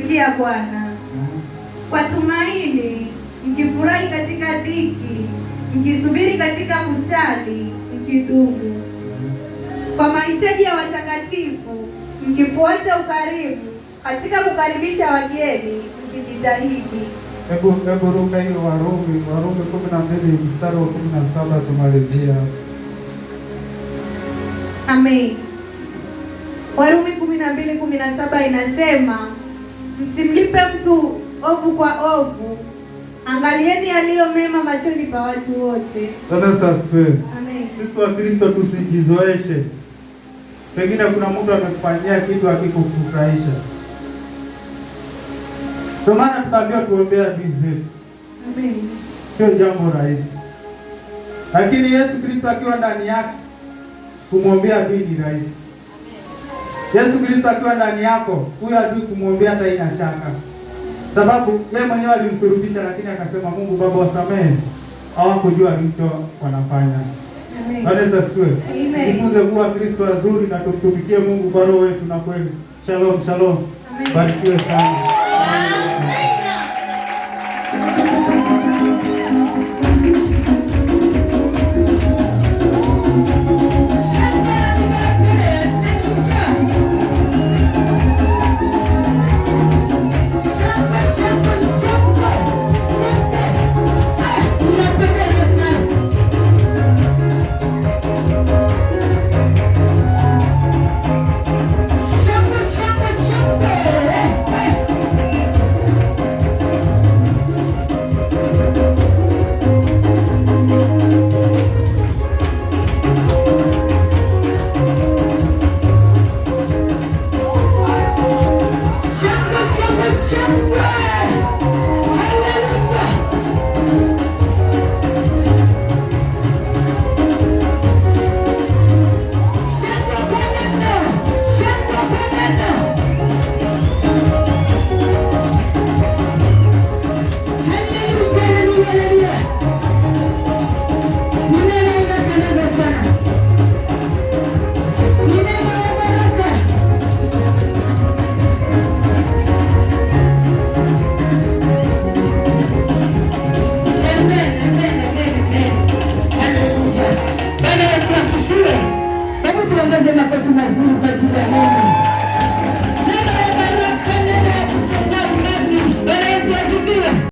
Kia Bwana mm-hmm. kwa tumaini, mkifurahi katika dhiki, mkisubiri katika kusali, mkidumu mm-hmm. kwa mahitaji ya watakatifu, mkifuata ukarimu katika kukaribisha wageni, mkijitahidi. Hebu hebu ruka hiyo Warumi, Warumi kumi na mbili mstari wa kumi na saba tumalizia. Amen. Warumi kumi na mbili kumi na saba inasema Msimlipe mtu ovu kwa ovu, angalieni aliyo mema machoni pa watu wote. Bwana asifiwe. Amen. Sisi wa Kristo tusijizoeshe. Pengine kuna mtu amekufanyia kitu akikufurahisha. ndio maana tunaambiwa tuombea adui zetu. Amen. Sio jambo rahisi, lakini Yesu Kristo akiwa ndani yake kumwombea adui ni rahisi. Yesu Kristo akiwa ndani yako, huyo adui kumwombea hata ina shaka, sababu yeye mwenyewe alimsulubisha, lakini akasema Mungu Baba wasamehe, hawakujua alicho wanafanya. Anezasiwe jifunze kuwa Kristo wazuri na tumtumikie Mungu kwa roho yetu na kweli. Shalom, shalom, barikiwe sana. thank you tena pesa mazuri kwa ajili ya neno